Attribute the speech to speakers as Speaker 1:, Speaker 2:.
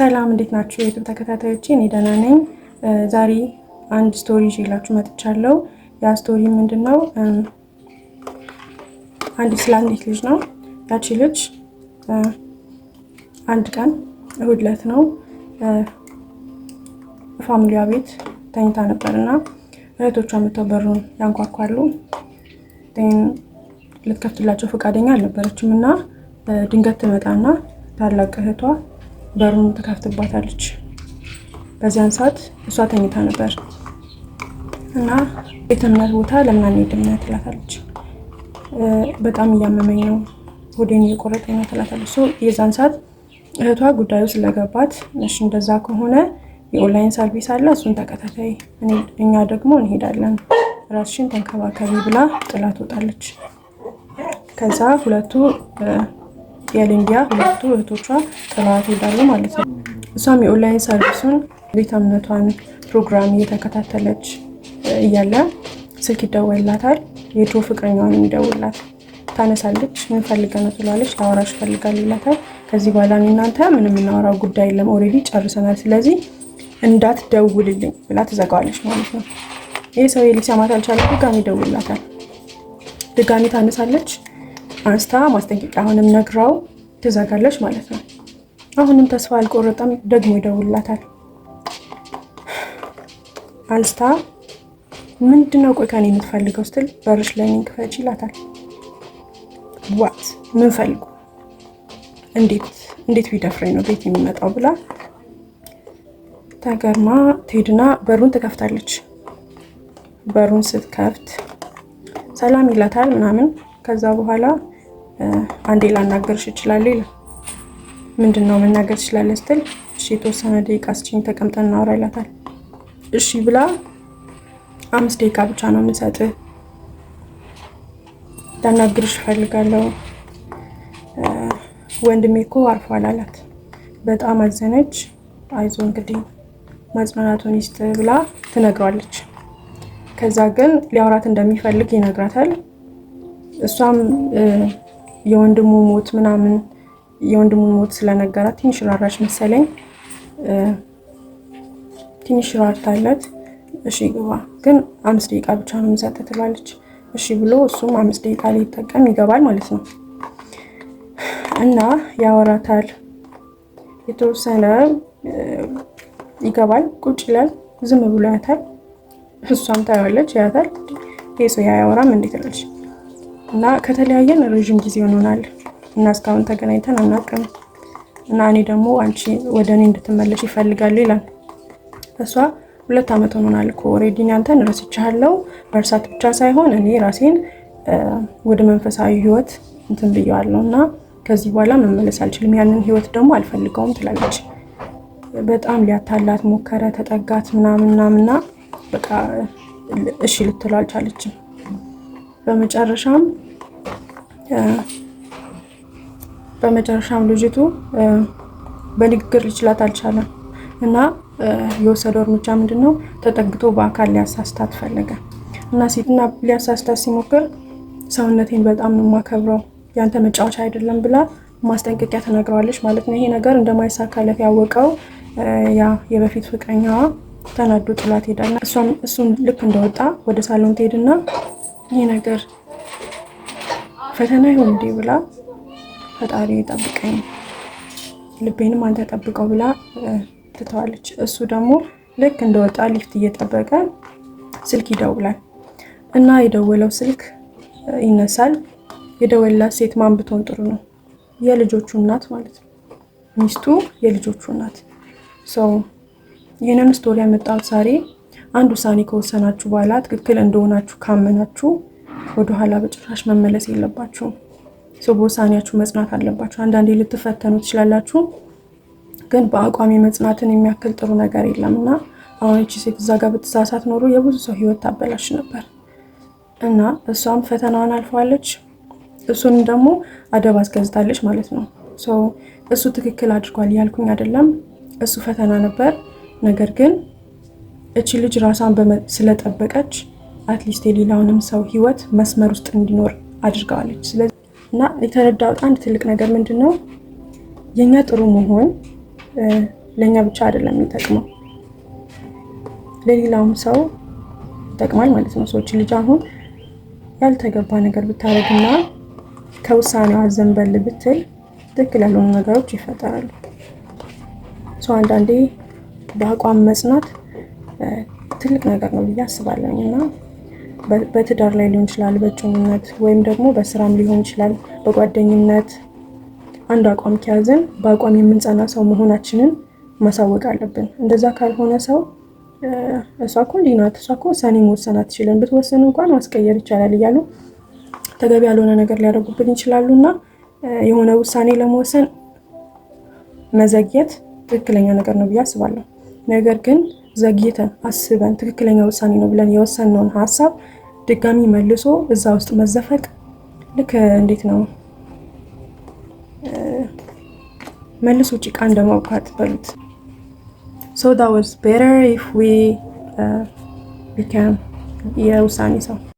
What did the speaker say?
Speaker 1: ሰላም እንዴት ናችሁ? የዩቱብ ተከታታዮቼ እኔ ደህና ነኝ። ዛሬ አንድ ስቶሪ ይዤላችሁ መጥቻለሁ። ያ ስቶሪ ምንድን ነው? አንድ ስለ አንዲት ልጅ ነው። ያቺ ልጅ አንድ ቀን እሑድ ዕለት ነው ፋሚሊዋ ቤት ተኝታ ነበር እና እህቶቿ መጥተው በሩን ያንኳኳሉ። ልትከፍትላቸው ፈቃደኛ አልነበረችም እና ድንገት ትመጣና ታላቅ እህቷ በሩን ትከፍትባታለች። በዚያን ሰዓት እሷ ተኝታ ነበር እና የትምነት ቦታ ለምን አንሄድም ትላታለች። በጣም እያመመኝ ነው፣ ሆዴን እየቆረጠኝ ነው ትላታለች። የዛን ሰዓት እህቷ ጉዳዩ ስለገባት እሺ እንደዛ ከሆነ የኦንላይን ሰርቪስ አለ፣ እሱን ተከታታይ፣ እኛ ደግሞ እንሄዳለን፣ ራስሽን ተንከባከቢ ብላ ጥላ ትወጣለች። ከዛ ሁለቱ የሊንዲያ ሁለቱ እህቶቿ ጥለዋት ሄዳሉ ማለት ነው። እሷም የኦንላይን ሰርቪሱን ቤተ እምነቷን ፕሮግራም እየተከታተለች እያለ ስልክ ይደወላታል። የድሮ ፍቅረኛዋን የሚደውላት ታነሳለች። ምን ፈልገህ ነው ትለዋለች። ላወራሽ እፈልጋለሁ ይላታል። ከዚህ በኋላ እናንተ ምንም እናወራው ጉዳይ የለም ኦልሬዲ ጨርሰናል፣ ስለዚህ እንዳት ደውልልኝ ብላ ትዘጋዋለች ማለት ነው። ይህ ሰው ሊሰማት አልቻለ። ድጋሚ ይደውላታል። ድጋሚ ታነሳለች። አንስታ ማስጠንቀቂያ አሁንም ነግራው ትዘጋለች ማለት ነው። አሁንም ተስፋ አልቆረጠም። ደግሞ ይደውላታል። አንስታ ምንድነው ቆይ ከኔ የምትፈልገው ስትል በርሽ ላይ ክፈች ይላታል። ዋት ምን ፈልጉ? እንዴት ቢደፍረኝ ነው ቤት የሚመጣው ብላ ተገርማ ትሄድና በሩን ትከፍታለች። በሩን ስትከፍት ሰላም ይላታል ምናምን ከዛ በኋላ አንዴ ላናገርሽ እችላለሁ ይላል። ምንድን ነው መናገር ትችላለህ ስትል እሺ የተወሰነ ደቂቃ ስችኝ ተቀምጠን እናውራ ይላታል። እሺ ብላ አምስት ደቂቃ ብቻ ነው የምንሰጥህ፣ ላናግርሽ እፈልጋለሁ ወንድሜ እኮ አርፏል አላት። በጣም አዘነች። አይዞ እንግዲህ ማጽናናቱን ይስጥ ብላ ትነግሯለች። ከዛ ግን ሊያውራት እንደሚፈልግ ይነግራታል። እሷም የወንድሙ ሞት ምናምን የወንድሙን ሞት ስለነገራት ትንሽ ራራች መሰለኝ። ትንሽ ራርታለት እሺ ግባ ግን አምስት ደቂቃ ብቻ ነው የምሰጥህ ትላለች። እሺ ብሎ እሱም አምስት ደቂቃ ሊጠቀም ይገባል ማለት ነው። እና ያወራታል የተወሰነ ይገባል። ቁጭ ይላል። ዝም ብሎ ያታል። እሷም ታያለች፣ ያታል። ይሄ ሰው ያያወራም እንዴት ትላለች። እና ከተለያየን ረዥም ጊዜ ይሆናል እና እስካሁን ተገናኝተን አናውቅም። እና እኔ ደግሞ አንቺ ወደ እኔ እንድትመለሽ ይፈልጋሉ ይላል። እሷ ሁለት ዓመት ሆኖናል እኮ ኦልሬዲ እኔ አንተን ረስቼሃለሁ። መርሳት ብቻ ሳይሆን እኔ ራሴን ወደ መንፈሳዊ ህይወት እንትን ብየዋለሁ እና ከዚህ በኋላ መመለስ አልችልም፣ ያንን ህይወት ደግሞ አልፈልገውም ትላለች። በጣም ሊያታላት ሞከረ፣ ተጠጋት ምናምናምና በቃ እሺ ልትለው አልቻለችም። በመጨረሻም በመጨረሻም ልጅቱ በንግግር ሊችላት አልቻለም እና የወሰደው እርምጃ ምንድን ነው? ተጠግቶ በአካል ሊያሳስታት ፈለገ እና ሴትና ሊያሳስታት ሲሞክር ሰውነቴን በጣም ነው የማከብረው ያንተ መጫወቻ አይደለም ብላ ማስጠንቀቂያ ተናግረዋለች ማለት ነው። ይሄ ነገር እንደማይሳካለት ያወቀው ያ የበፊት ፍቅረኛዋ ተናዶ ጥላት ሄዳና እሱም ልክ እንደወጣ ወደ ሳሎን ትሄድና ይህ ነገር ፈተና ይሁን እንዴ ብላ ፈጣሪ ጠብቀኝ ልቤንም አንተ ጠብቀው ብላ ትተዋለች። እሱ ደግሞ ልክ እንደወጣ ሊፍት እየጠበቀ ስልክ ይደውላል እና የደወለው ስልክ ይነሳል። የደወላት ሴት ማን ብትሆን ጥሩ ነው? የልጆቹ እናት ማለት ነው። ሚስቱ የልጆቹ እናት። ሰው ይህንን ስቶሪ ያመጣሁት ዛሬ አንድ ውሳኔ ከወሰናችሁ በኋላ ትክክል እንደሆናችሁ ካመናችሁ ወደኋላ በጭራሽ መመለስ የለባችሁም። በውሳኔያችሁ መጽናት አለባችሁ። አንዳንዴ ልትፈተኑ ትችላላችሁ፣ ግን በአቋሚ መጽናትን የሚያክል ጥሩ ነገር የለም እና አሁን ይቺ ሴት እዛ ጋር ብትሳሳት ኖሮ የብዙ ሰው ህይወት ታበላሽ ነበር እና እሷም ፈተናዋን አልፈዋለች፣ እሱንም ደግሞ አደብ አስገዝታለች ማለት ነው። እሱ ትክክል አድርጓል ያልኩኝ አይደለም፣ እሱ ፈተና ነበር። ነገር ግን እቺ ልጅ ራሷን ስለጠበቀች አትሊስት የሌላውንም ሰው ህይወት መስመር ውስጥ እንዲኖር አድርገዋለች። ስለዚህ እና የተረዳሁት አንድ ትልቅ ነገር ምንድን ነው የእኛ ጥሩ መሆን ለእኛ ብቻ አይደለም የሚጠቅመው ለሌላውም ሰው ይጠቅማል ማለት ነው። ሰዎች ልጅ አሁን ያልተገባ ነገር ብታደርግና ከውሳኔዋ ዘንበል ብትል ትክክል ያልሆኑ ነገሮች ይፈጠራሉ። ሰው አንዳንዴ በአቋም መጽናት ትልቅ ነገር ነው ብዬ አስባለኝ እና በትዳር ላይ ሊሆን ይችላል፣ በእጮኝነት ወይም ደግሞ በስራም ሊሆን ይችላል፣ በጓደኝነት አንድ አቋም ከያዝን በአቋም የምንጸና ሰው መሆናችንን ማሳወቅ አለብን። እንደዛ ካልሆነ ሰው እሷ እኮ እንዲህ ናት፣ እሷ እኮ ውሳኔ መወሰን አትችልም፣ ብትወሰን እንኳን ማስቀየር ይቻላል እያሉ ተገቢ ያልሆነ ነገር ሊያደርጉብን ይችላሉ እና የሆነ ውሳኔ ለመወሰን መዘግየት ትክክለኛ ነገር ነው ብዬ አስባለሁ። ነገር ግን ዘግይተን አስበን ትክክለኛ ውሳኔ ነው ብለን የወሰንነውን ሀሳብ ድጋሚ መልሶ እዛ ውስጥ መዘፈቅ ልክ እንዴት ነው መልሶ ጭቃ እንደማውካት በሉት። ሶ ዳ ወዝ ቤተር ኢፍ ዊ ቢካም የውሳኔ ሰው